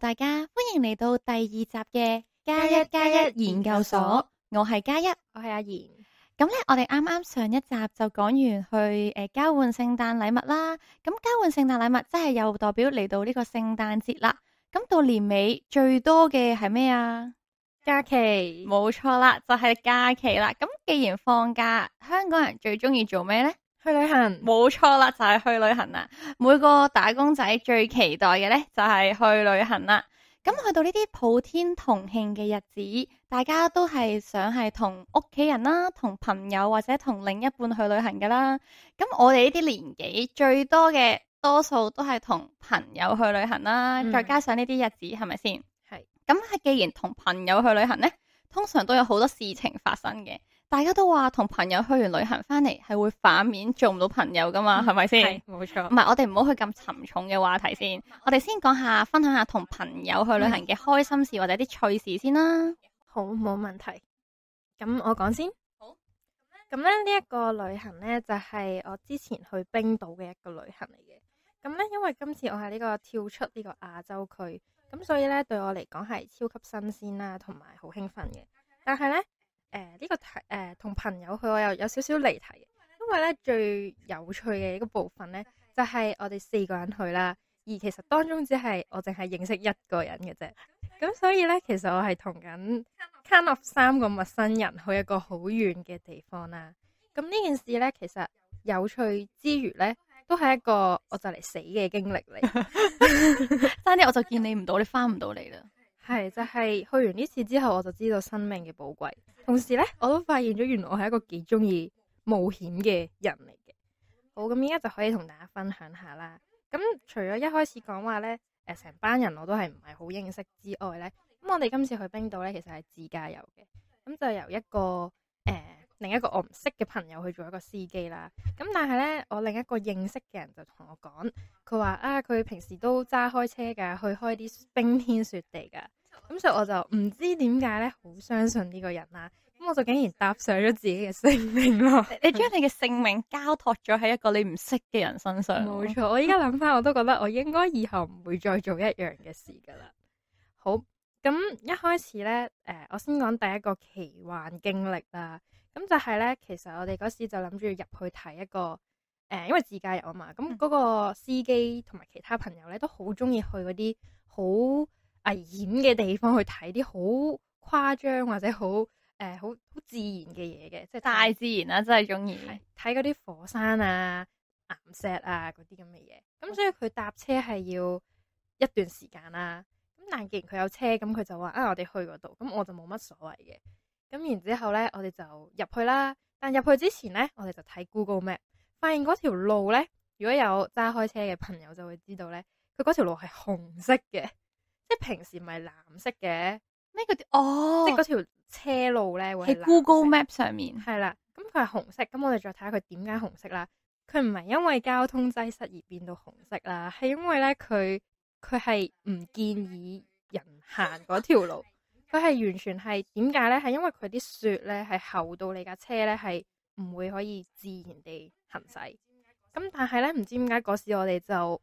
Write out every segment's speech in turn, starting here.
大家歡迎嚟到第二集嘅加一加一，加一研究所，我係加一，我係阿妍。咁咧，我哋啱啱上一集就講完去誒、呃、交換聖誕，誕禮物啦。咁交換聖誕禮物真係又代表嚟到呢個聖誕節啦。咁到年尾最多嘅係咩啊？假期，冇錯啦，就係、是、假期啦。咁既然放假，香港人最中意做咩呢？去旅行，冇錯啦，就係去旅行啦。每個打工仔最期待嘅呢，就係去旅行啦。咁去到呢啲普天同慶嘅日子，大家都係想係同屋企人啦，同朋友或者同另一半去旅行噶啦。咁我哋呢啲年紀最多嘅，多數都係同朋友去旅行啦。嗯，再加上呢啲日子係咪先？係咁。係，係既然同朋友去旅行呢，通常都有好多事情發生嘅。大家都話同朋友去完旅行翻嚟係會反面做唔到朋友噶嘛，係咪先？係吧，冇錯。唔係， 我哋唔好去咁沉重嘅話題先。我哋先講下，分享下同朋友去旅行嘅開心事或者啲趣事先啦。嗯、好，冇問題。咁我講先。好。咁呢呢一、這個旅行呢，就係、是、我之前去冰島嘅一個旅行嚟嘅。咁呢，因為今次我係呢個跳出呢個亞洲區，咁所以呢，對我嚟講係超級新鮮啦，同埋好興奮嘅。但係呢。誒，呢、呃這個同、呃、朋友去，我又有少少離題，因為咧，最有趣嘅一個部分呢，就係、是、我哋四個人去啦，而其實當中只係我淨係認識一個人嘅啫，咁所以呢，其實我係同緊 kind of 三個陌生人去一個好遠嘅地方啦，咁呢件事呢，其實有趣之餘呢，都係一個我就嚟死嘅經歷嚟，但係我就見你唔到，你翻唔到嚟啦。係就係去完呢次之後，我就知道生命嘅寶貴。同時咧，我都發現咗，原來我係一個幾中意冒險嘅人嚟嘅。好咁，而家就可以同大家分享下啦。咁除咗一開始講話咧，誒、呃，成班人我都係唔係好認識之外咧，咁我哋今次去冰島咧，其實係自駕遊嘅。咁就由一個誒、呃，另一個我唔識嘅朋友去做一個司機啦。咁但係咧，我另一個認識嘅人就同我講，佢話啊，佢平時都揸開車噶，去開啲冰天雪地噶。咁所以我就唔知點解咧，好相信呢個人啦。咁我就竟然搭上咗自己嘅性命咯。 你將你嘅性命交託咗喺一個你唔識嘅人身上。冇錯 我依家諗翻，我都覺得我應該以後唔會再做一樣嘅事噶啦。好，咁一開始咧，誒、呃，我先講第一個奇幻經歷啦。咁就係咧，其實我哋嗰時就諗住入去睇一個，誒、呃，因為自駕遊啊嘛。咁、那、嗰個司機同埋其他朋友咧，都好中意去嗰啲好，危險嘅地方去睇啲好誇張或者好誒好好自然嘅嘢嘅，即係大自然啦、啊，真係中意睇嗰啲火山啊、岩石啊嗰啲咁嘅嘢。咁所以佢搭車係要一段時間啦、啊。咁但既然佢有車，咁佢就話啊，我哋去嗰度，咁我就冇乜所謂嘅。咁然之後咧，我哋就入去啦。但入去之前咧，我哋就睇 Google Map，發現嗰條路咧，如果有揸開車嘅朋友就會知道咧，佢嗰條路係紅色嘅。即係平時唔係藍色嘅咩嗰啲哦，oh, 即係嗰條車路咧喺 Google Map 上面係啦，咁佢係紅色，咁我哋再睇下佢點解紅色啦。佢唔係因為交通擠塞而變到紅色啦，係因為咧佢佢係唔建議人行嗰條路，佢係 完全係點解咧？係因為佢啲雪咧係厚到你架車咧係唔會可以自然地行駛。咁 但係咧唔知點解嗰時我哋就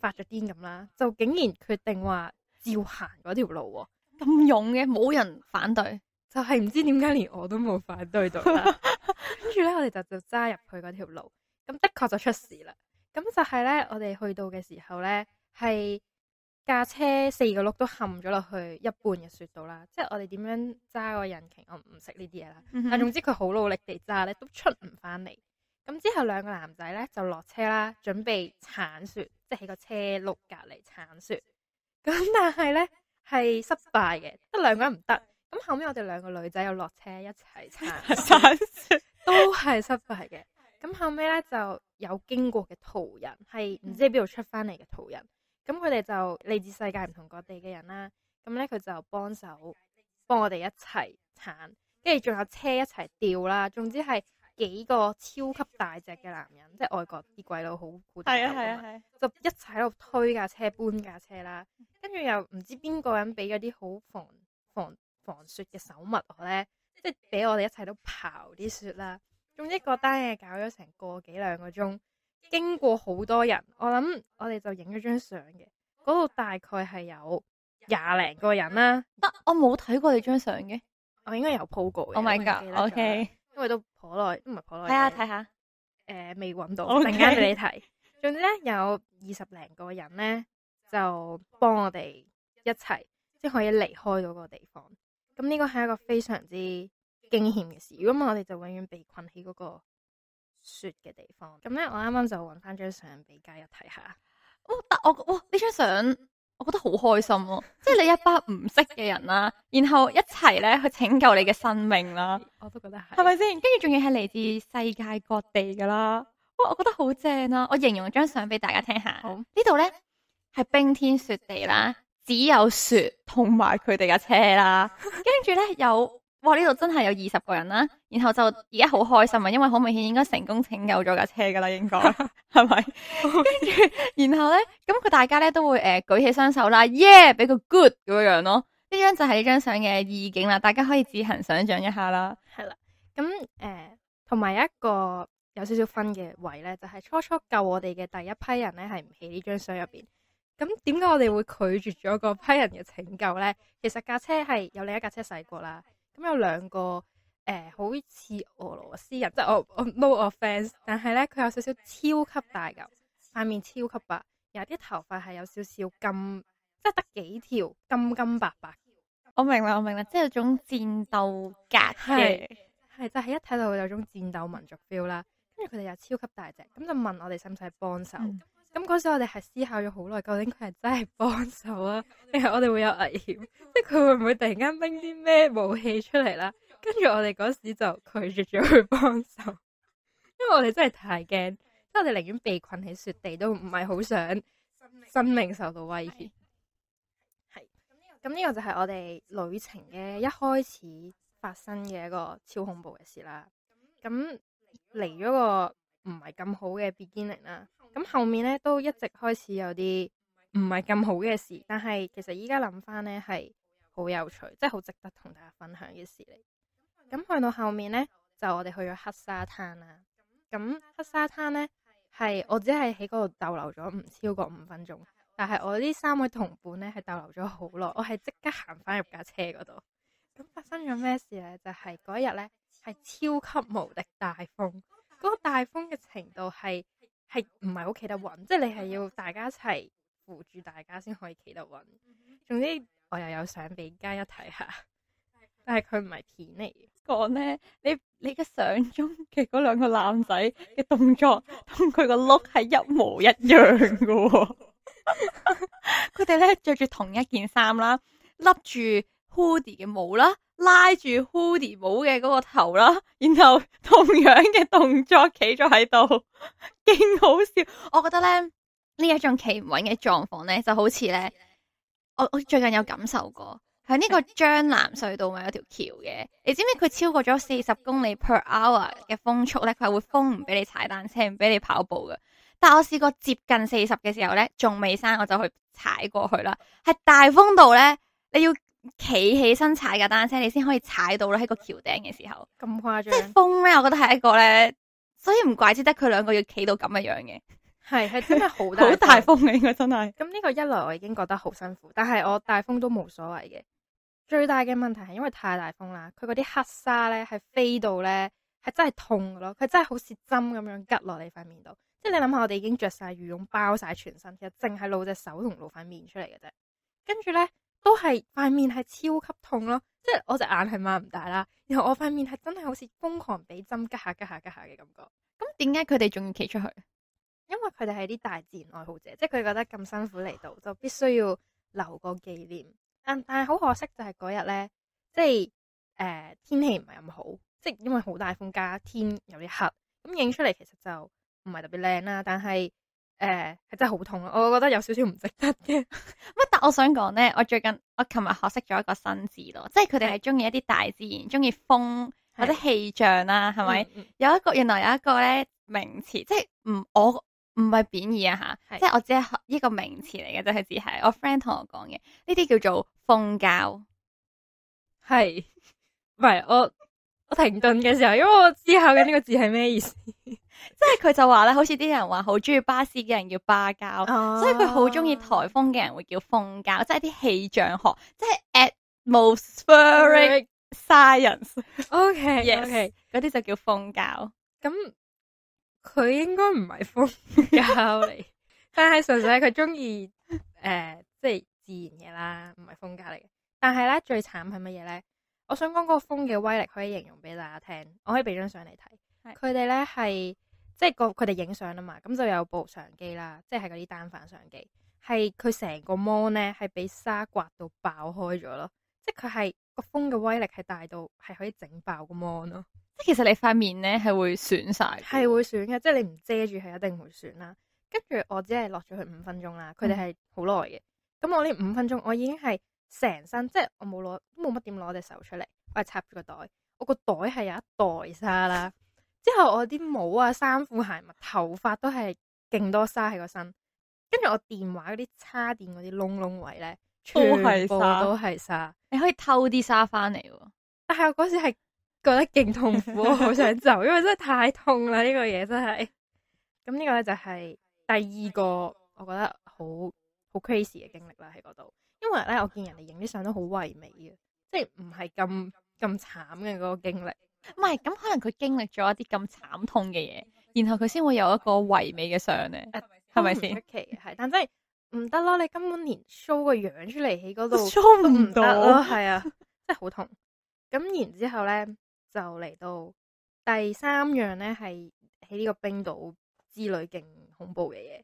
發咗癲咁啦，就竟然決定話。照行嗰條路喎，咁勇嘅，冇人反對， 就係唔知點解連我都冇反對到啦。跟住咧，我哋就就揸入去嗰條路，咁的確就出事啦。咁就係咧，我哋去到嘅時候咧，係架車四個轆都陷咗落去一半嘅雪度啦。即係我哋點樣揸個引擎，我唔識呢啲嘢啦。 但係總之佢好努力地揸咧，都出唔翻嚟。咁之後兩個男仔咧就落車啦，準備鏟雪，即係喺個車轆隔籬鏟雪。咁但係咧係失敗嘅，得兩個人唔得。咁的後尾我哋兩個女仔又落車一齊撐， 都係失敗嘅。咁的後尾咧就有經過嘅途人，係唔知喺邊度出翻嚟嘅途人。咁佢哋就嚟自世界唔同各地嘅人啦。咁咧佢就幫手幫我哋一齊撐，跟住仲有車一齊吊啦。總之係。幾個超級大隻嘅男人，即係外國啲鬼佬好固執，係啊係啊係就一齊喺度推架車搬架車啦，跟住又唔知邊個人俾嗰啲好防防防雪嘅手襪。我咧，即係俾我哋一齊都刨啲雪啦。總之嗰單嘢搞咗成個幾兩個鐘，經過好多人，我諗我哋就影咗張相嘅。嗰度大概係有廿零個人啦，得、啊、我冇睇過你張相嘅，我應該有鋪過嘅。Oh my god！Okay 因為都頗耐，唔係頗耐。係啊，睇 下樂，誒、呃，未搵到，我陣間俾你睇。總之咧，有二十零個人咧，就幫我哋一齊即係可以離開嗰個地方。咁呢個係一個非常之驚險嘅事，如果唔係我哋就永遠被困喺嗰個雪嘅地方。咁、嗯、咧、嗯嗯，我啱啱就搵翻張相俾嘉入睇下。哦，但我，哇、哦！呢張相。我覺得好開心咯、啊，即係你一班唔識嘅人啦、啊，然後一齊咧去拯救你嘅生命啦、啊。我都覺得係，係咪先？跟住仲要係嚟自世界各地噶啦。哇、哦！我覺得好正啊！我形容張相俾大家聽下，好呢度咧係冰天雪地啦，只有雪同埋佢哋嘅車啦，跟住咧有。哇！呢度真係有二十個人啦、啊，然後就而家好開心啊，因為好明顯應該成功拯救咗架車噶啦，應該係咪？跟住然後呢，咁佢大家呢都會誒、呃、舉起雙手啦，耶、yeah！俾個 good 咁樣樣咯，呢張就係呢張相嘅意境啦，大家可以自行想象一下啦。係啦，咁誒同埋一個有少少分嘅位呢，就係、是、初初救我哋嘅第一批人呢，係唔喺呢張相入邊，咁點解我哋會拒絕咗嗰批人嘅拯救呢？其實架車係有另一架車駛過啦。咁、嗯、有兩個誒、欸，好似俄羅斯人，即係我我 no offence，但係咧佢有少少超級大舊，塊面超級白，有啲頭髮係有少少金，即係得幾條金金白白。我明啦，我明啦，即係有種戰鬥格，係，係就係一睇到有種戰鬥民族 feel 啦。跟住佢哋又超級大隻，咁就問我哋使唔使幫手。嗯咁嗰時我哋係思考咗好耐，究竟佢係真係幫手啊，定係我哋會有危險？即係佢會唔會突然間拎啲咩武器出嚟啦？跟住我哋嗰時就拒絕咗去幫手，因為我哋真係太驚，即係的我哋寧願被困喺雪地，都唔係好想生命受到威脅。係咁呢個就係我哋旅程嘅一開始發生嘅一個超恐怖嘅事啦。咁嚟咗個。唔係咁好嘅 beginning 啦，咁後面呢，都一直開始有啲唔係咁好嘅事，但係其實依家諗翻呢，係好有趣，即係好值得同大家分享嘅事嚟。咁去、嗯、到後面呢，就我哋去咗黑沙灘啦。咁、嗯、黑沙灘呢，係我只係喺嗰度逗留咗唔超過五分鐘，但係我呢三位同伴呢，係逗留咗好耐。我係即刻行翻入架車嗰度。咁發生咗咩事呢？就係嗰日呢，係超級無敵大風。嗰個大風嘅程度係係唔係好企得穩，即係你係要大家一齊扶住大家先可以企得穩。總之我又有相俾嘉一睇下，但係佢唔係片嚟嘅。講咧，你你嘅相中嘅嗰兩個男仔嘅動作同佢個 look 係、er、一模一樣嘅喎，佢哋咧着住同一件衫啦，笠住。Hoodie 嘅帽啦，拉住 Hoodie 帽嘅嗰個頭啦，然後同樣嘅動作企咗喺度，勁好笑！我覺得咧呢一種企唔穩嘅狀況咧，就好似咧我我最近有感受過喺呢個張南隧道咪有條橋嘅，你知唔知佢超過咗四十公里 per hour 嘅風速咧，佢係會封唔俾你踩單車，唔俾你跑步嘅。但係我試過接近四十嘅時候咧，仲未生我就去踩過去啦。係大風度咧，你要。企起身踩架單車，你先可以踩到啦。喺個橋頂嘅時候，咁誇張，即係風咧，我覺得係一個咧，所以唔怪之得佢兩個要企到咁嘅樣嘅，係係 真係好大好大風， 好大風，啊，應該真係。咁呢個一來我已經覺得好辛苦，但係我大風都冇所謂嘅。最大嘅問題係因為太大風啦，佢嗰啲黑沙咧係飛到咧係真係痛嘅咯，佢真係好似針咁樣吉落你塊面度。即係你諗下，我哋已經着晒羽絨包晒全身，其實淨係露隻手同露塊面出嚟嘅啫，跟住咧。都係塊面係超級痛咯，即係我隻眼係擘唔大啦，然後我塊面係真係好似瘋狂俾針吉下吉下吉下嘅感覺。咁點解佢哋仲要企出去？因為佢哋係啲大自然愛好者，即係佢覺得咁辛苦嚟，到，就必須要留個紀念。但但係好可惜就係嗰日咧，即係誒、呃、天氣唔係咁好，即係因為好大風加天有啲黑，咁影出嚟其實就唔係特別靚啦。但係。誒，係、呃、真係好痛咯，我覺得有少少唔值得嘅。乜？但我想講咧，我最近我琴日學識咗一個新字咯，即係佢哋係中意一啲大自然，中意風是或者氣象啦、啊，係咪？嗯嗯、有一個原來有一個咧名詞，即係唔我唔係貶義啊吓，是即係我只係學一個名詞嚟嘅，就係字。係我 friend 同我講嘅，呢啲叫做風教，係唔係？我我停頓嘅時候，因為我之後嘅呢個字係咩意思？ 即係佢就話咧，好似啲人話好中意巴士嘅人叫巴膠，oh. 所以佢好中意台風嘅人會叫風膠，即係啲氣象學，即係 atmospheric science。OK，OK，嗰啲就叫風膠。咁佢應該唔係風膠嚟，但係純粹係佢中意誒，即係自然嘅啦，唔係風膠嚟。但係咧最慘係乜嘢咧？我想講嗰個風嘅威力可以形容俾大家聽，我可以俾張相嚟睇。佢哋咧係。即係個佢哋影相啦嘛，咁就有部相機啦，即係嗰啲單反相機，係佢成個芒咧係俾沙刮到爆開咗咯，即係佢係個風嘅威力係大到係可以整爆個芒咯，即係其實你塊面咧係會損晒，係會損嘅，即係你唔遮住係一定會損啦。跟住我只係落咗佢五分鐘啦，佢哋係好耐嘅，咁我呢五分鐘我已經係成身，嗯、即係我冇攞，都冇乜點攞隻手出嚟，我係插住個袋，我個袋係有一袋沙啦。 之後我啲帽啊、衫褲、鞋襪、頭髮都係勁多沙喺個身，跟住我電話嗰啲叉電嗰啲窿窿位咧，全部都係沙。沙你可以偷啲沙翻嚟，但係我嗰時係覺得勁痛苦， 我好想走，因為真係太痛啦！呢個嘢真係咁呢個咧就係第二個我覺得好好 crazy 嘅經歷啦，喺嗰度。因為咧，我見人哋影啲相都好唯美嘅，即係唔係咁咁慘嘅嗰個經歷。唔係咁，可能佢經歷咗一啲咁慘痛嘅嘢，然後佢先會有一個唯美嘅相咧，係咪先？吧奇係，但真係唔得咯，你根本連 show 個樣出嚟喺嗰度 show 唔到咯，係啊，真係好痛。咁然之後咧，就嚟到第三樣咧，係喺呢個冰島之旅勁恐怖嘅嘢，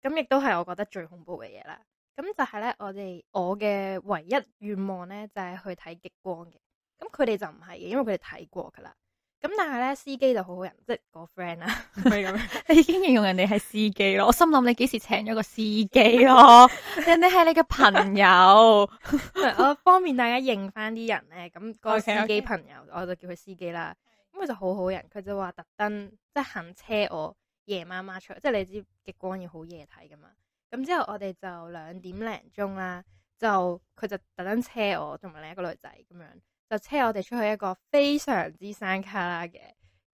咁亦都係我覺得最恐怖嘅嘢啦。咁就係咧，我哋我嘅唯一願望咧，就係、是、去睇極光嘅。咁佢哋就唔係嘅，因為佢哋睇過噶啦。咁但係咧，司機就好好人，即、就、係、是、個 friend 啦、啊。咁， 你已經形容人哋係司機咯。我心諗你幾時請咗個司機咯、啊？ 人哋係你嘅朋友， 我方便大家認翻啲人咧。咁個司機朋友，okay, okay. 我就叫佢司機啦。咁佢就好好人，佢就話特登即係肯車我夜媽媽出，即係你知極光要好夜睇噶嘛。咁之後我哋就兩點零鐘啦，就佢就特登車我同埋另一個女仔咁樣，就車我哋出去一個非常之山卡拉嘅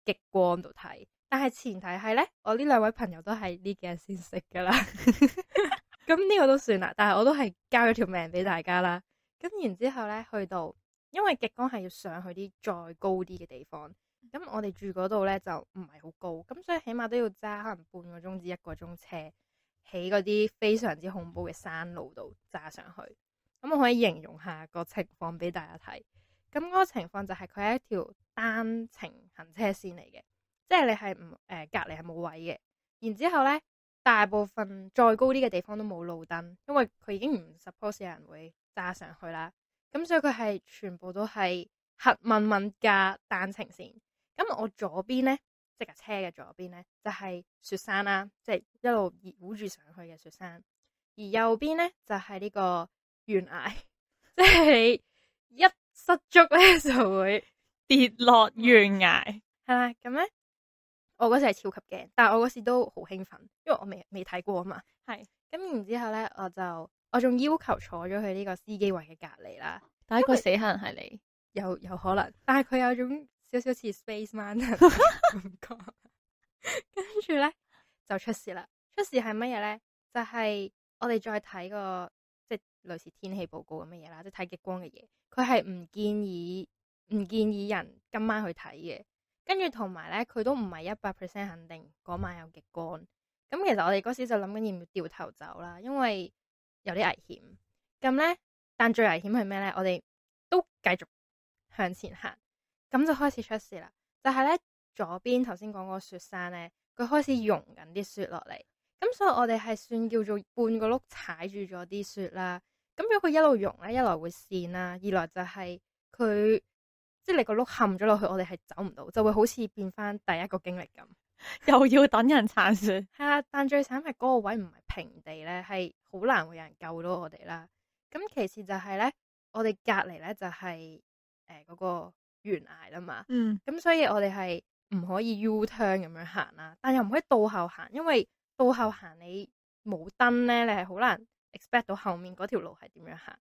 極光度睇，但係前提係呢，我呢兩位朋友都係呢幾日先識㗎啦，咁 呢個都算啦。但係我都係交咗條命俾大家啦。咁然之後呢，去到因為極光係要上去啲再高啲嘅地方，咁我哋住嗰度呢就唔係好高，咁所以起碼都要揸可能半個鐘至一個鐘車，喺嗰啲非常之恐怖嘅山路度揸上去。咁我可以形容下個情況俾大家睇。咁嗰個情況就係佢係一條單程行車線嚟嘅，即係你係唔、誒隔籬係冇位嘅。然之後呢，大部分再高啲嘅地方都冇路燈，因為佢已經唔 suppose 有人會揸上去啦。咁所以佢係全部都係黑蚊蚊㗎單程線。咁我左邊呢，即架車嘅左邊呢，就係雪山啦，即係一路繞住上去嘅雪山。而右邊呢，就係呢個懸崖，即 係一。失足咧，就會跌落懸崖，係啦咁咧，我嗰時係超級驚，但係我嗰時都好興奮，因為我未未睇過啊嘛，係咁是然之後咧，我就我仲要求坐咗去呢個司機位嘅隔離啦，但係佢死可能係你，有有可能，但係佢有種少少似 Space Man 嘅感覺，跟住咧，就出事啦，出事係乜嘢咧？就係、是、我哋再睇個。類似天氣報告咁嘅嘢啦，即係睇極光嘅嘢，佢係唔建議唔建議人今晚去睇嘅。跟住同埋咧，佢都唔係一百 percent 肯定嗰晚有極光。咁其實我哋嗰時就諗緊要唔要掉頭走啦，因為有啲危險。咁咧，但最危險係咩咧？我哋都繼續向前行，咁就開始出事啦。就係咧，左邊頭先講個雪山咧，佢開始融緊啲雪落嚟。咁所以我哋係算叫做半個碌踩住咗啲雪啦。咁如果佢一路溶咧，一來會跣啦，二來就係佢即係你個碌陷咗落去，我哋係走唔到，就會好似變翻第一個經歷咁， 又要等人撐船。係啊，但最慘係嗰個位唔係平地咧，係好難會有人救到我哋啦。咁其次就係咧，我哋隔籬咧就係誒嗰個懸崖啦嘛。嗯，咁所以我哋係唔可以 U turn 咁樣行啦，啊，但又唔可以倒後行，因為倒後行你冇燈咧，你係好難。expect 到後面嗰條路係點樣行，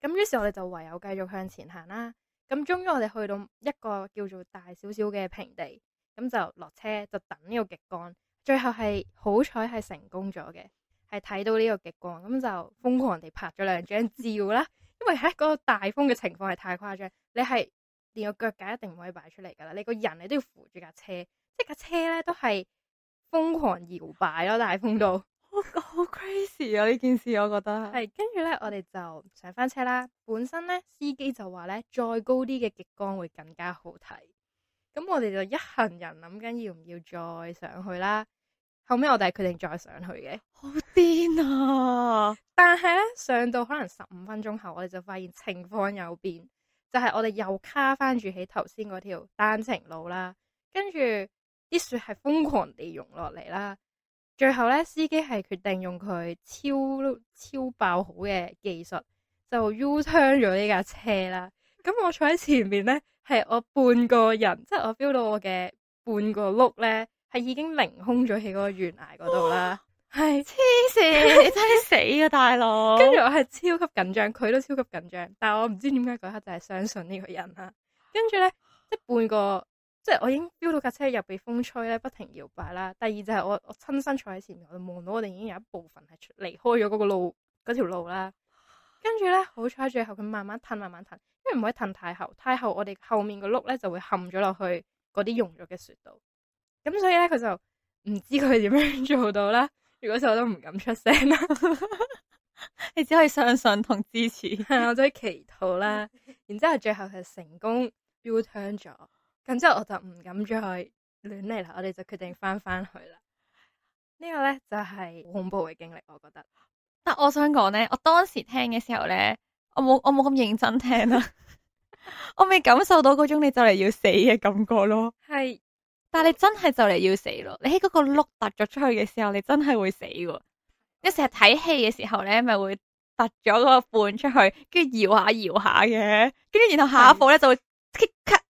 咁於是我哋就唯有繼續向前行啦。咁終於我哋去到一個叫做大少少嘅平地，咁就落車就等呢個極光。最後係好彩係成功咗嘅，係睇到呢個極光，咁就瘋狂地拍咗兩張照啦。因為喺嗰個大風嘅情況係太誇張，你係連個腳架一定唔可以擺出嚟噶啦，你個人你都要扶住架車，即係架車咧都係瘋狂搖擺咯，大風度。好，好 crazy 啊！呢件事我覺得係，跟住呢，我哋就上翻車啦。本身呢，司機就話呢，再高啲嘅極光會更加好睇。咁我哋就一行人諗緊要唔要再上去啦。後尾我哋係決定再上去嘅，好癲啊！但係咧，上到可能十五分鐘後，我哋就發現情況有變，就係、是、我哋又卡翻住喺頭先嗰條單程路啦。跟住啲雪係瘋狂地融落嚟啦。最後咧，司機係決定用佢超超爆好嘅技術，就 U turn 咗呢架車啦。咁我坐喺前面咧，係我半個人，即係我 feel 到我嘅半個碌咧，係已經凌空咗喺嗰個懸崖嗰度啦。係黐線，你真係死啊大佬！跟住我係超級緊張，佢都超級緊張，但係我唔知點解嗰刻就係相信呢個人啦。跟住咧，即係半個。即係我已經飆到架車入，被風吹咧，不停搖擺啦。第二就係我我親身坐喺前面，我望到我哋已經有一部分係離開咗嗰個路嗰條路啦。跟住咧，好彩最後佢慢慢褪，慢慢褪，因為唔可以褪太後，太後我哋後面個轆咧就會陷咗落去嗰啲溶咗嘅雪度。咁所以咧佢就唔知佢點樣做到啦。如果就我都唔敢出聲啦， 你只可以相信同支持。 我都喺祈禱啦， 然之後最後係成功飆 turn 咗。咁之後我就唔敢再去亂嚟啦，我哋就決定翻翻去啦。這個、呢個咧就係、是、恐怖嘅經歷，我覺得。但我想講咧，我當時聽嘅時候咧，我冇我冇咁認真聽啦、啊， 我未感受到嗰種你就嚟要死嘅感覺咯。係是，但你真係就嚟要死咯！你喺嗰個碌突咗出去嘅時候，你真係會死噶。你成日睇戲嘅時候咧，咪會突咗個盆出去，跟住搖下搖下嘅，跟住然後下一步咧是就會。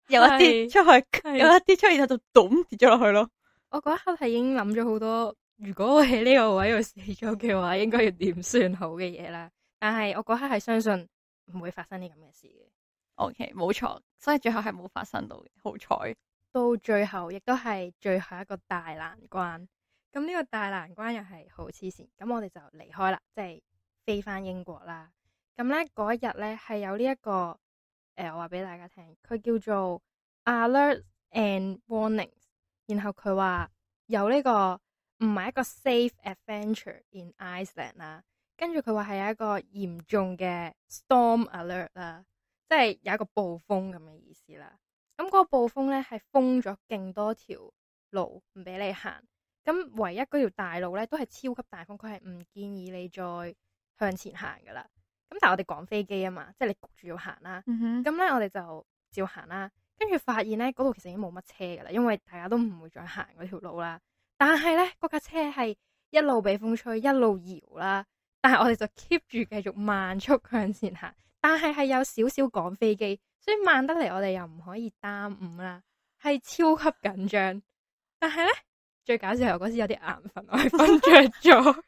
有一啲出去，有一啲出而喺度，咚跌咗落去咯。我嗰一刻係已經諗咗好多，如果我喺呢個位度死咗嘅話，應該要點算好嘅嘢啦。但係我嗰刻係相信唔會發生啲咁嘅事嘅。OK，冇錯，所以最後係冇發生到嘅，好彩。到最後亦都係最後一個大難關。咁呢個大難關又係好黐線。咁我哋就離開啦，即係飛翻英國啦。咁咧嗰一日咧係有呢一個。誒、呃，我話俾大家聽，佢叫做 Alert and Warnings，然後佢話有呢、這個唔係一個 safe adventure in Iceland 啦、啊，跟住佢話係有一個嚴重嘅 storm alert 啦、啊，即係有一個暴風咁嘅意思啦。咁、啊、嗰、那個暴風咧係封咗勁多條路唔俾你行，咁、啊、唯一嗰條大路咧都係超級大風，佢係唔建議你再向前行噶啦。咁但係我哋趕飛機啊嘛，即係你焗住要行啦、啊。咁咧、嗯、哼我哋就照行啦，跟住發現咧嗰度，其實已經冇乜車噶啦，因為大家都唔會再行嗰條路啦。但係咧嗰架車係一路被風吹，一路搖啦。但係我哋就 keep 住繼續慢速向前行，但係係有少少趕飛機，所以慢得嚟我哋又唔可以耽誤啦，係超級緊張。但係咧最搞笑係嗰時有啲眼瞓，我係瞓着咗。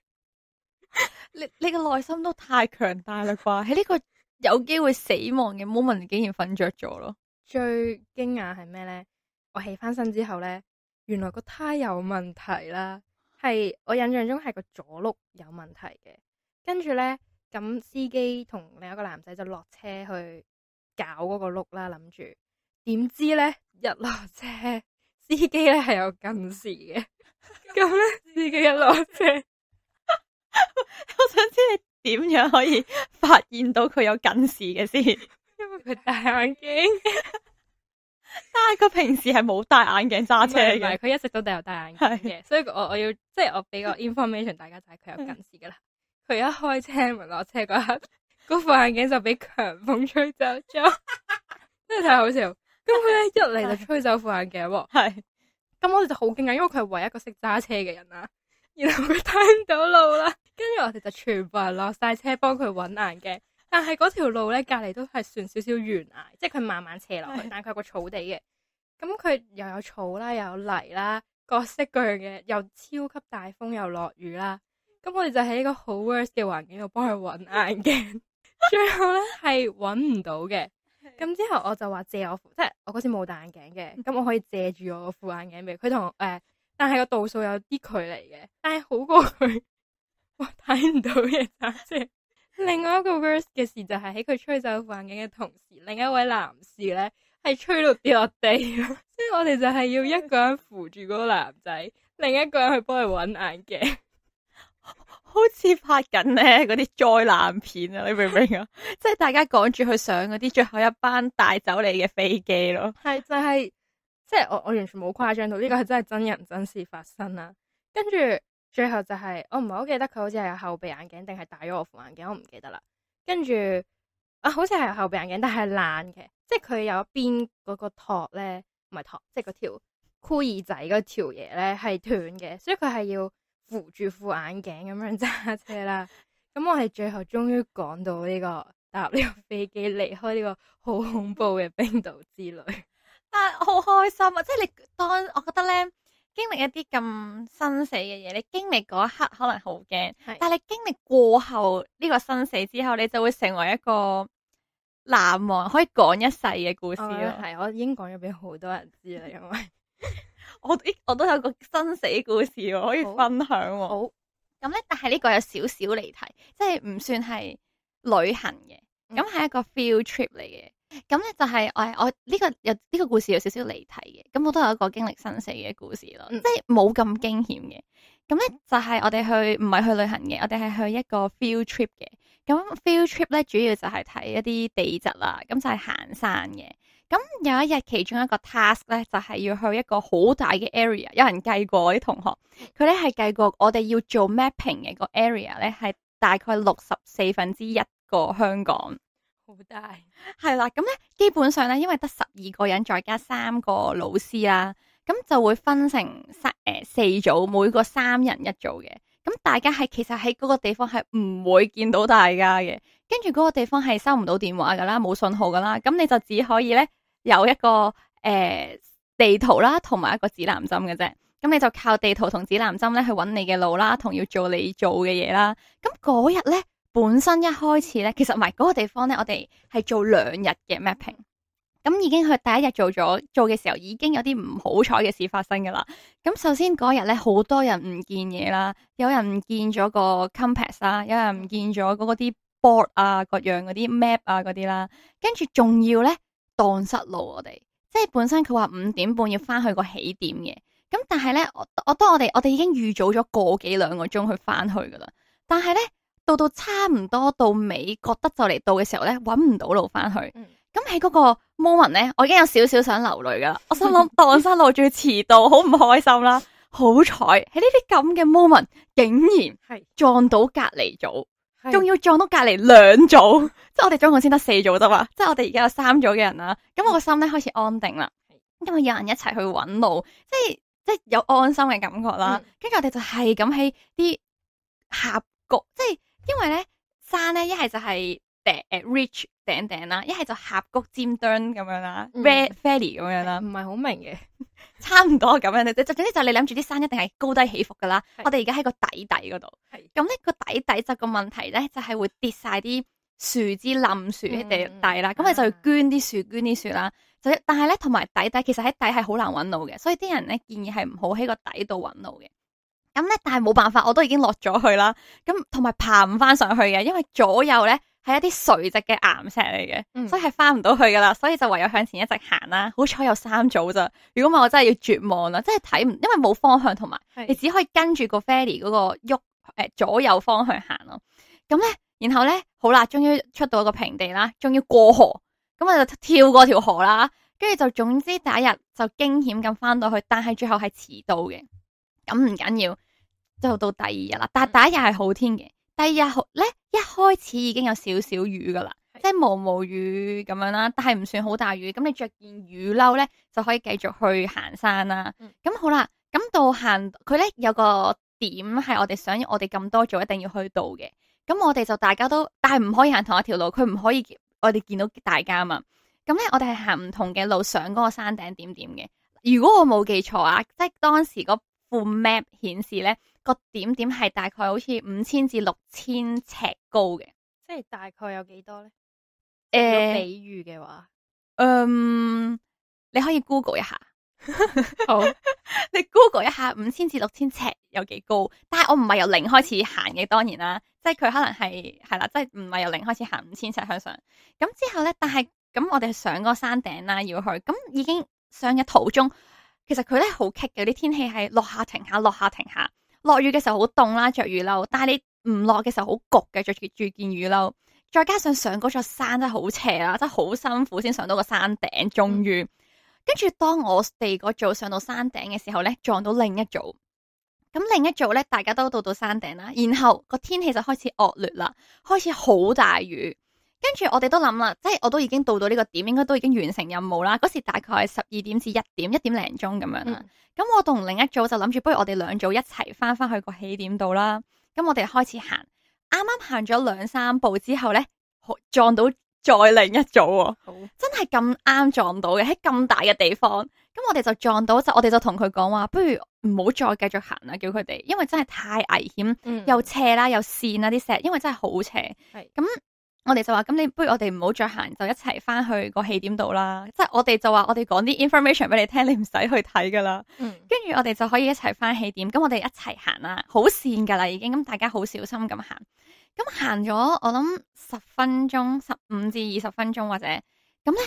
你你個內心都太強大啦啩，喺呢個有機會死亡嘅 moment，竟然瞓着咗咯。最驚訝係咩咧？我起翻身之後咧，原來個胎有問題啦，係我印象中係個左轆有問題嘅。跟住咧，咁司機同另一個男仔就落車去搞嗰個轆啦，諗住點知咧一落車，司機咧係有近視嘅，咁咧 呢司機一落車。 我想知你點樣可以發現到佢有近視嘅先， 因為佢戴眼鏡， 但係佢平時係冇戴眼鏡揸車嘅，佢一直都戴有戴眼鏡嘅是，所以我我要即係我俾個 information 大家，就係佢有近視噶啦。佢一開車門落車嗰刻，嗰副眼鏡就俾強風吹走咗， 真係太好笑。咁佢咧一嚟就吹走副眼鏡喎，係。咁我哋就好驚訝，因為佢係唯一一個識揸車嘅人啦。然後佢睇唔到路啦，跟 住我哋就全部人落晒車幫佢揾眼鏡。但係嗰條路呢，隔籬都係算少少懸崖，即係佢慢慢斜落去，是但係佢係個草地嘅。咁佢又有草啦，又有泥啦，各式各樣嘅，又超級大風，又落雨啦。咁我哋就喺一個好 worse 嘅環境度幫佢揾眼鏡。 最後呢係揾唔到嘅。咁是之後我就話借我副，即係我嗰時冇戴眼鏡嘅，咁 我可以借住我副眼鏡俾佢同誒。但係個度數有啲距離嘅，但係好過佢。我睇唔到嘢，即係另外一個 verse 嘅事就係喺佢吹走副眼鏡嘅同時，另一位男士咧係吹到跌落地咯。即 係我哋就係要一個人扶住嗰個男仔，另一個人去幫佢揾眼鏡。 好似拍緊咧嗰啲災難片啊！你明唔明啊？即係 大家趕住去上嗰啲最後一班帶走你嘅飛機咯。係 就係、是。即係我我完全冇誇張到，呢個係真係真人真事發生啦。跟住最後就係、是、我唔係好記得佢好似係有後備眼鏡定係戴咗我副眼鏡，我唔記得啦。跟住啊，好似係後備眼鏡，但係爛嘅，即係佢有一邊嗰個托咧，唔係托，即係嗰條箍耳仔嗰條嘢咧係斷嘅，所以佢係要扶住副眼鏡咁樣揸車啦。咁 我係最後終於講到呢、這個搭呢個飛機離開呢個好恐怖嘅冰島之旅。但係好開心啊！即係你當我覺得咧，經歷一啲咁生死嘅嘢，你經歷嗰一刻可能好驚，是但係你經歷過後呢個生死之後，你就會成為一個難忘可以講一世嘅故事咯。係、哦、我已經講咗俾好多人知啦，因為 我我都有個生死故事可以分享好。好咁咧，嗯，但係呢個有少少離題，即係唔算係旅行嘅，咁係、嗯、一個 field trip 嚟嘅。咁咧就係我我，呢、呢個有呢個故事有少少離題嘅，咁我都有一個經歷生死嘅故事咯，即係冇咁驚險嘅。咁咧就係我哋去唔係去旅行嘅，我哋係去一個 field trip 嘅。咁 field trip 咧主要就係睇一啲地質啦，咁就係行山嘅。咁有一日其中一個 task 咧就係、係、要去一個好大嘅 area，有人計過啲同學，佢咧係計過我哋要做 mapping 嘅個 area 咧係大概六十四分之一個香港。好大係啦，咁咧基本上咧，因為得十二個人，再加三個老師啦、啊，咁就會分成三誒四組，每個三人一組嘅。咁大家係其實喺嗰個地方係唔會見到大家嘅，跟住嗰個地方係收唔到電話噶啦，冇信號噶啦，咁你就只可以咧有一個誒、呃、地圖啦，同埋一個指南針嘅啫。咁你就靠地圖同指南針咧去搵你嘅路啦，同要做你做嘅嘢啦。咁嗰日咧。本身一開始咧，其實唔係嗰個地方咧，我哋係做兩日嘅 mapping，咁已經去第一日做咗，做嘅時候已經有啲唔好彩嘅事發生噶啦。咁首先嗰日咧，好多人唔見嘢啦，有人唔見咗個 compass 啊，有人唔見咗嗰嗰啲 board 啊，各樣嗰啲 map 啊嗰啲啦，跟住仲要咧，蕩失路我哋，即係本身佢話五點半要翻去個起點嘅，咁但係咧，我我當我哋我哋已經預早咗個幾兩個鐘去翻去噶啦，但係咧。到到差唔多到尾，覺得就嚟到嘅時候咧，搵唔到路返去。咁喺嗰個 moment 咧，我已經有少少想流淚噶啦。我心諗，蕩失路仲要遲到，好唔 開心啦。好彩喺呢啲咁嘅 moment，竟然係撞到隔籬組，仲是要撞到隔籬兩組，是 即係我哋總共先得四組得嘛。即係我哋而家有三組嘅人啦。咁我個心咧開始安定啦，因為有人一齊去搵路，即係即係有安心嘅感覺啦。跟住、嗯、我哋就係咁喺啲峽谷，即係。因為咧山咧一係就係頂誒、啊、rich 頂頂啦，一係就峽谷尖端咁樣啦，Red Valley 咁樣啦，唔係好明嘅， 差唔多咁樣嘅。就總之就你諗住啲山一定係高低起伏噶啦。是 我哋而家喺個底底嗰度，咁咧是、個底底就個問題咧就係、是、會跌晒啲樹枝冧樹喺地底啦。咁、嗯、你就要捐啲樹捐啲樹啦。就但係咧同埋底底，底其實喺底係好難搵路嘅，所以啲人咧建議係唔好喺個底度搵路嘅。咁咧，但係冇辦法，我都已經落咗去啦。咁同埋爬唔翻上去嘅，因為左右咧係一啲垂直嘅岩石嚟嘅，嗯、所以係翻唔到去噶啦。所以就唯有向前一直行啦、啊。好彩有三組咋，如果唔係我真係要絕望啦，真係睇唔，因為冇方向同埋，你只可以跟住個 fairy 嗰個喐誒、呃、左右方向行咯、啊。咁咧，然後咧好啦，終於出到一個平地啦，終於過河，咁我就跳過條河啦，跟住就總之第一日就驚險咁翻到去，但係最後係遲到嘅，咁唔緊要。就到第二日啦，但第一日係好天嘅。第二日咧，一開始已經有少少雨噶啦，是即係毛毛雨咁樣啦，但係唔算好大雨。咁你着件雨褸咧，就可以繼續去行山啦。咁、嗯、好啦，咁到行佢咧有個點係我哋想，我哋咁多做一定要去到嘅。咁我哋就大家都，但係唔可以行同一條路，佢唔可以我哋見到大家啊嘛。咁咧，我哋係行唔同嘅路上嗰個山頂點點嘅。如果我冇記錯啊，即係當時嗰副 map 顯示咧。個點點係大概好似五千至六千尺高嘅，即係大概有幾多咧？誒，比喻嘅話，呃，嗯，你可以 Google 一下。 好， 你 Google 一下五千至六千尺有幾高？但係我唔係由零開始行嘅，當然啦，即係佢可能係係啦，即係唔係由零開始行五千尺向上。咁之後咧，但係咁我哋上個山頂啦，要去咁已經上嘅途中，其實佢都係好棘嘅，啲天氣係落下停下落下停下。落雨嘅時候好凍啦，着雨褸。但係你唔落嘅時候好焗嘅，着住件雨褸。再加上上嗰座山真係好斜啦，啊，真係好辛苦先上到個山頂。終於，嗯、跟住當我哋嗰組上到山頂嘅時候呢，撞到另一組。咁另一組呢，大家都到到山頂啦。然後個天氣就開始惡劣啦，開始好大雨。跟住我哋都諗啦，即係我都已經到到呢個點，應該都已經完成任務啦。嗰時大概係十二點至一點，一點零鐘咁樣啦。咁、嗯、我同另一組就諗住，不如我哋兩組一齊翻翻去個起點度啦。咁我哋開始行，啱啱行咗兩三步之後呢，撞到再另一組、哦，好真係咁啱撞到嘅，喺咁大嘅地方。咁我哋就撞到，我就我哋就同佢講話，不如唔好再繼續行啦，叫佢哋，因為真係太危險，嗯、又斜啦，又跣啦啲石，因為真係好斜。咁。我哋就話咁你，不如我哋唔好再行，就一齊翻去個起點度啦。即係我哋就話我哋講啲 information 俾你聽，你唔使去睇噶啦。嗯，跟住我哋就可以一齊翻起點。咁我哋一齊行啦，好線噶啦已經。咁大家好小心咁行。咁行咗我諗十分鐘、十五至二十分鐘或者咁咧，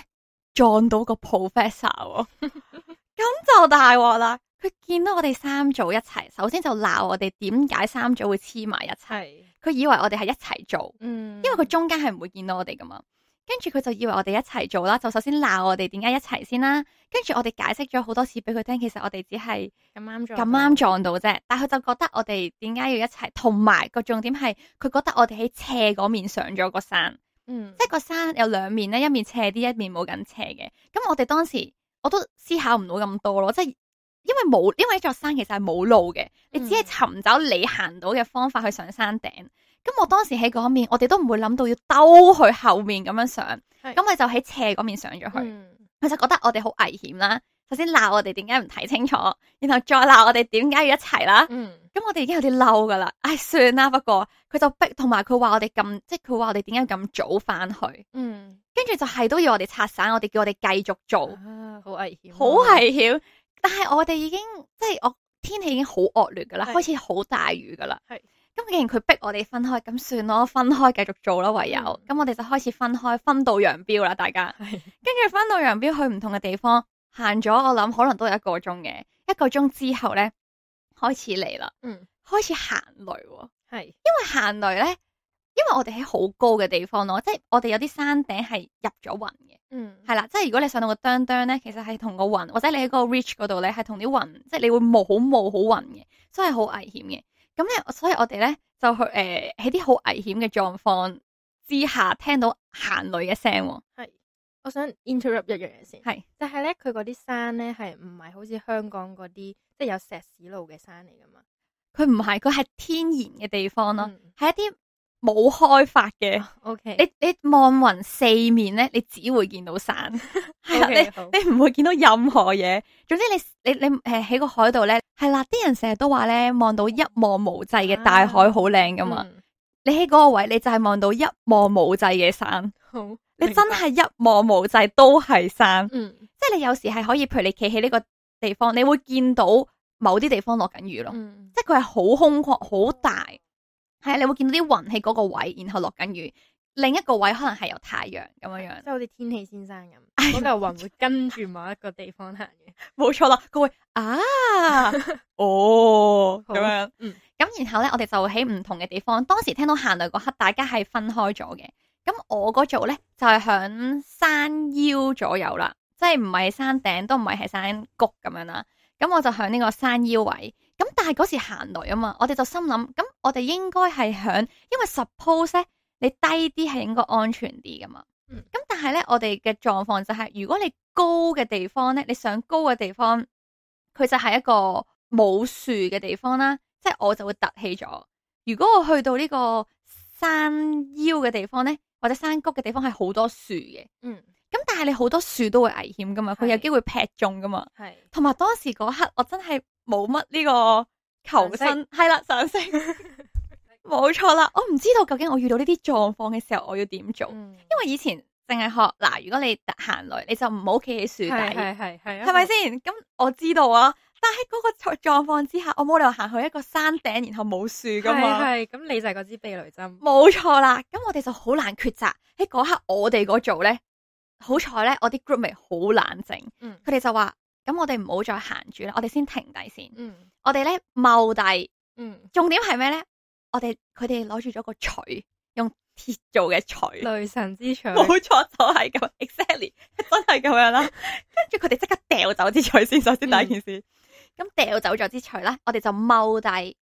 撞到個 professor，哦， 咁 就大鑊啦。佢見到我哋三組一齊，首先就鬧我哋點解三組會黐埋一齊。佢是以為我哋係一齊做，嗯、因為佢中間係唔會見到我哋㗎嘛。跟住佢就以為我哋一齊做啦，就首先鬧我哋點解一齊先啦。跟住我哋解釋咗好多次俾佢聽，其實我哋只係咁啱撞，咁啱撞到啫。到嗯、但係佢就覺得我哋點解要一齊，同埋個重點係佢覺得我哋喺斜嗰面上咗個山，即係、嗯、個山有兩面咧，一面斜啲，一面冇咁斜嘅。咁我哋當時我都思考唔到咁多咯，即係。因為冇，因為呢座山其實係冇路嘅，嗯、你只係尋找你行到嘅方法去上山頂。咁我當時喺嗰面，我哋都唔會諗到要兜去後面咁樣上。咁佢是就喺斜嗰面上咗去，佢、嗯、就覺得我哋好危險啦。首先鬧我哋點解唔睇清楚，然後再鬧我哋點解要一齊啦。咁、嗯、我哋已經有啲嬲，㗎啦。唉，算啦。不過佢就逼，同埋佢話我哋咁，即係佢話我哋點解咁早返去。嗯，跟住就係都要我哋拆散，我哋叫我哋繼續做。好、啊、危險、啊，好危險。但係我哋已經即係我天氣已經好惡劣噶啦，是開始好大雨噶啦。係咁是既然，佢逼我哋分開，咁算咯，分開繼續做啦唯有咁、嗯、我哋就開始分開，分道揚鑣啦，大家。係跟住分道揚鑣去唔同嘅地方行咗，我諗可能都有一個鐘嘅。一個鐘之後咧，開始嚟啦。嗯，開始行雷、哦。係是因為行雷咧，因為我哋喺好高嘅地方咯，即係我哋有啲山頂係入咗雲。嗯，係啦，即係如果你上到個哚哚咧，其實係同個雲，或者你喺嗰個 ridge 嗰度咧，係同啲雲，即係你會霧好霧好雲嘅，真係好危險嘅。咁咧，所以我哋咧就去誒喺啲好危險嘅狀況之下，聽到行雷嘅聲。係，我想 interrupt 一樣嘢先。係是，就係咧，佢嗰啲山咧係唔係好似香港嗰啲即係有石屎路嘅山嚟㗎嘛？佢唔係，佢係天然嘅地方咯，係、嗯、一啲。冇開發嘅，OK，甜 anka 你你望勻四面咧，你只會見到山， 係甜啊 anka、嗯，你你唔會見到任何嘢。總之你你你誒喺個海度咧，係啦、啊，啲人成日都話咧，望到一望無際嘅大海好靚㗎嘛。甜 ank 疼 你喺嗰個位，你就係望到一望無際嘅山。好 甜 ank 疼，你真係一望無際都係山。嗯，即係你有時係可以陪你企喺呢個地方，你會見到某啲地方落緊雨咯、嗯。即係佢係好空曠，好大。係啊，你會見到啲雲喺嗰個位，然後落緊雨，另一個位可能係有太陽咁樣樣，即係好似天氣先生咁。嗰個雲會跟住某一個地方行嘅，冇錯 啦，佢會啊， 哦咁好樣，嗯，咁然後咧，我哋就會喺唔同嘅地方。當時聽到行雷嗰刻，大家係分開咗嘅。咁我嗰組咧就係、是、響山腰左右啦，即係唔係山頂，都唔係係山谷咁樣啦。咁我就響呢個山腰位。咁、嗯、但係嗰時行雷啊嘛，我哋就心諗，咁、嗯、我哋應該係響，因為 suppose 咧你低啲係應該安全啲噶嘛。嗯。咁、嗯、但係咧，我哋嘅狀況就係、是，如果你高嘅地方咧，你上高嘅地方，佢就係一個冇樹嘅地方啦，即、就、係、是、我就會凸起咗。如果我去到呢個山腰嘅地方咧，或者山谷嘅地方係好多樹嘅，嗯。咁、嗯、但係你好多樹都會危險噶嘛，佢是有機會劈中噶嘛。係。同埋當時嗰刻，我真係。冇乜呢個求生色，係啦上升，冇錯 啦。我唔知道究竟我遇到呢啲狀況嘅時候我要點做，嗯、因為以前淨係學嗱，如果你行來，你就唔好企喺樹底，係係係係，係咪先？咁吧好我知道啊，但喺嗰個狀狀況之下，我冇理由行去一個山頂，然後冇樹噶嘛，係係。咁你就係嗰支避雷針，冇錯啦。咁我哋就好難抉擇喺嗰刻我，我哋嗰組咧，好彩咧，我啲 group 咪好冷靜，嗯，佢哋就話。咁我哋唔好再行住啦，我哋先停低先。嗯，我哋咧踎低，嗯，重點係咩咧？我哋佢哋攞住咗個錘，用鐵做嘅錘，雷神之錘。冇錯，就係、是、咁，exactly 真係咁樣啦、啊。跟住佢哋即刻掉走支錘先，首先第一件事。咁掉、嗯嗯、走咗支錘咧，我哋就踎低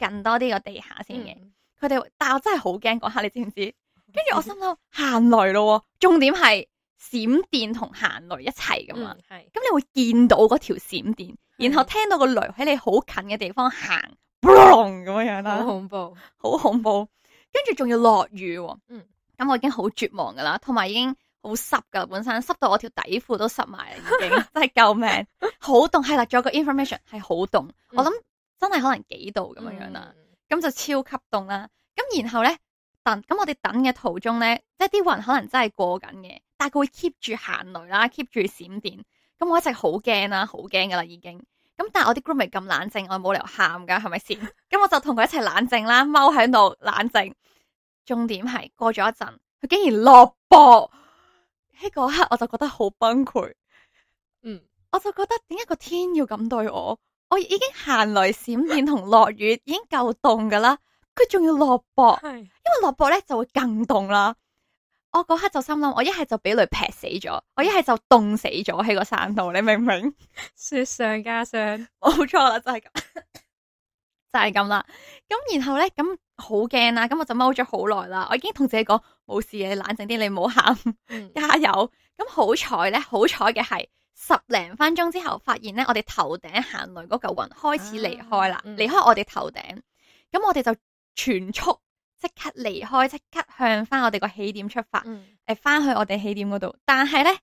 貼近多啲個地下先嘅。佢哋、嗯，但我真係好驚嗰刻，你知唔知？跟住 我心諗行雷咯，重點係。閃電同行雷一齊噶嘛？係咁，你會見到嗰條閃電，然後聽到個雷喺你好近嘅地方行，boom 咁樣樣啦，好恐怖，好恐怖，跟住仲要落雨。嗯，咁我已經好絕望噶啦，同埋已經好濕噶，本身濕到我條底褲都濕埋啦，已經真係救命，好凍係啦。仲有個 information 係好凍，我諗真係可能幾度咁樣樣啦，咁就超級凍啦。咁然後咧等咁我哋等嘅途中咧，即係啲雲可能真係過緊嘅。但係佢會 keep 住行雷啦，keep 住閃電，咁我一直好驚啦，好驚噶啦已經。咁但係我啲 roommate 咁冷靜，我冇理由喊噶，係咪先？咁 我就同佢一齊冷靜啦，踎喺度冷靜。重點係過咗一陣，佢竟然落雹。喺嗰刻我就覺得好崩潰。嗯，我就覺得點解個天要咁對我？我已經行雷閃電同落雨已經夠凍噶啦，佢仲要落雹，是因為落雹咧就會更凍啦。我嗰刻就心諗，我一係就俾雷劈死咗，我一係就凍死咗喺個山度，你明唔明？雪上加霜，冇錯啦，就係、是、咁， 就係咁啦。咁然後呢，咁好驚啦，咁我就踎咗好耐啦。我已經同自己講冇事，你冷靜啲，你唔好喊， 加油。咁好彩呢，好彩嘅係十零分鐘之後，發現呢，我哋頭頂行雷嗰嚿雲開始離開啦，離、啊嗯、開我哋頭頂。咁我哋就全速。即刻離開，即刻向翻我哋個起點出發，誒、嗯，翻去我哋起點嗰度。但係咧，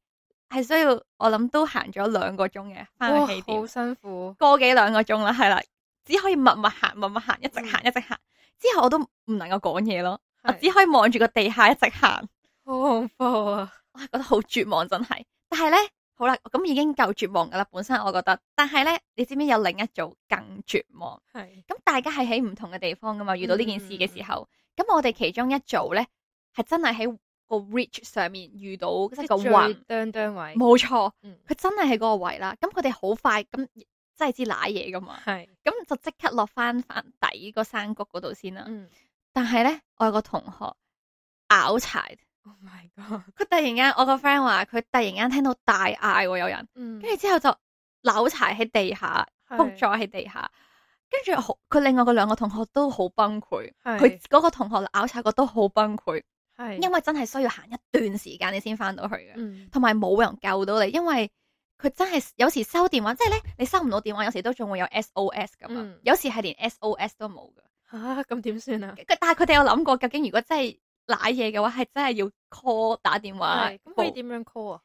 係需要我諗都行咗兩個鐘嘅，翻去起點、哦、好辛苦，過幾兩個幾兩個鐘啦，係啦，只可以默默行，默默行，一直行，嗯、一直行。之後我都唔能夠講嘢咯，是我只可以望住個地下一直行，好恐怖啊！我係覺得好絕望，真係。但係咧，好啦，咁已經夠絕望噶啦，本身我覺得。但係咧，你知唔知有另一組更絕望？係咁是，大家係喺唔同嘅地方噶嘛，遇到呢件事嘅時候。嗯咁我哋其中一組咧，係真係喺個 ridge 上面遇到即係個雲墩墩位，冇錯錯，佢、嗯、真係喺嗰個位啦。咁佢哋好快咁，真係知瀨嘢噶嘛，係咁是就即刻落翻翻底個山谷嗰度先啦。嗯、但係咧，我有個同學拗柴，哦、oh、my god，佢突然間我個 friend 話佢突然間聽到大嗌，有人，跟住、嗯、之後就扭柴喺地下，扑咗喺地下。跟住好，佢另外個兩個同學都好崩潰，佢嗰是個同學拗柴個都好崩潰，係是因為真係需要行一段時間你先翻到去嘅，同埋冇人救到你，因為佢真係有時收電話，即係咧你收唔到電話，有時都仲會有 SOS 噉樣，嗯、有時係連 SOS 都冇㗎，吓咁點算啊？啊但係佢哋有諗過，究竟如果真係瀨嘢嘅話，係真係要 call 打電話，咁可以點樣 call 啊？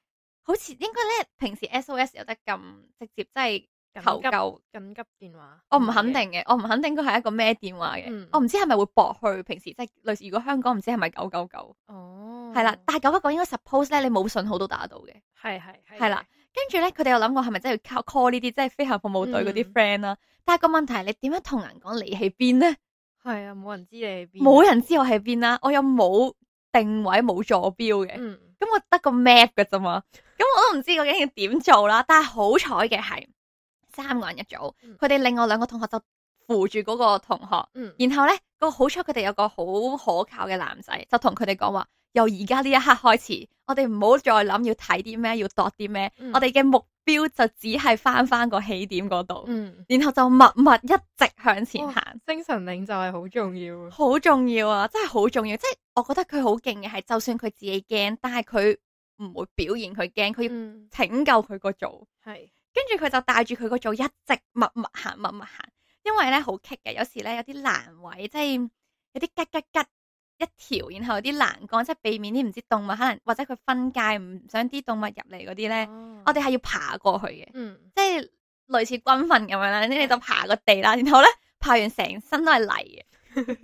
好似應該咧，平時 SOS 有得咁直接，即係。求救緊急，緊急電話，我唔肯定嘅，Okay. 我唔肯定佢係一個咩電話嘅，嗯、我唔知係咪會駁去平時即係類似，如果香港唔知係咪九九九，哦，係啦，但係九九九應該 suppose 咧，你冇信號都打到嘅，係係係啦，跟住咧，佢哋有諗過係咪真係要 call 呢啲，即係飛行服務隊嗰啲 friend 啦，嗯、但係個問題，你點樣同人講你喺邊咧？係啊，冇人知你喺邊，冇人知我喺邊啦，我又冇定位冇坐標嘅，咁、嗯嗯、我得個 map 噶啫嘛，咁我都唔知究竟要點做啦，但係好彩嘅係。三個人一組，佢哋、嗯、另外兩個同學就扶住嗰個同學，嗯、然後呢，個好彩佢哋有個好可靠嘅男仔，就同佢哋講話：由而家呢一刻開始，我哋唔好再諗要睇啲咩，要度啲咩，嗯、我哋嘅目標就只係翻翻個起點嗰度，嗯、然後就默默一直向前行。精神領袖係好重要，好重要啊！真係好重要，即係我覺得佢好勁嘅，係就算佢自己驚，但係佢唔會表現佢驚，佢要拯救佢個組。係、嗯。跟住佢就帶住佢個組一直默默行，默默行。因為咧好棘嘅，有時咧有啲難位，即係有啲吉吉吉一條，然後有啲欄杆，即係避免啲唔知動物可能或者佢分界唔想啲動物入嚟嗰啲咧。嗯、我哋係要爬過去嘅，嗯、即係類似軍訓咁樣啦。你就爬個地啦，然後咧爬完成身都係泥嘅，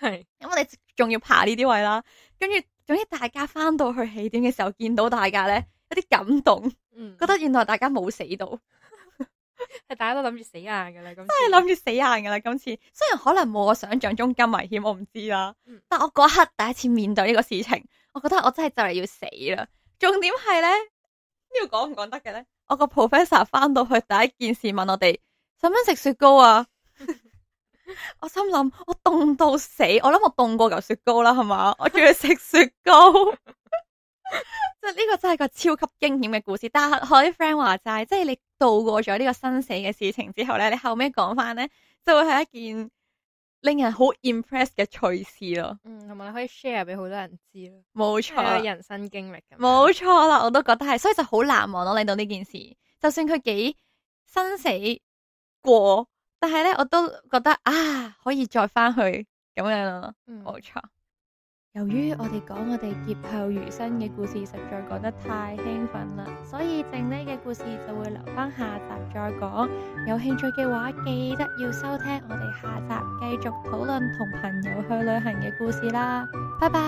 係。 咁我哋仲要爬呢啲位啦。跟住，總之大家翻到去起點嘅時候，見到大家咧。有啲感動，覺得原來大家冇死到，係 大家都諗住死硬噶啦，咁都係諗住死硬噶啦。今次， 今次雖然可能冇我想象中咁危險，我唔知啦。 但我嗰刻第一次面對呢個事情，我覺得我真係就嚟要死啦。重點係咧，說說呢個講唔講得嘅咧，我個 professor 翻到去第一件事問我哋，使唔使食雪糕啊？ 我心諗，我凍到死，我諗我凍過嚿雪糕啦，係嘛？我仲要食雪糕。 即係呢個真係個超級驚險嘅故事，但係我啲 friend 話就係，即係你度過咗呢個生死嘅事情之後咧，你後尾講翻咧，就會係一件令人好 impress 嘅趣事咯。嗯，同埋你可以 share 俾好多人知咯。冇錯，人生經歷嘅，冇錯啦，我都覺得係，所以就好難忘咯。你到呢件事，就算佢幾生死過，但係咧，我都覺得啊，可以再翻去咁樣咯。冇錯。嗯由於我哋講我哋劫後餘生嘅故事實在講得太興奮啦，所以剩低嘅故事就會留翻下集再講。有興趣嘅話，記得要收聽我哋下集繼續討論同朋友去旅行嘅故事啦。拜拜。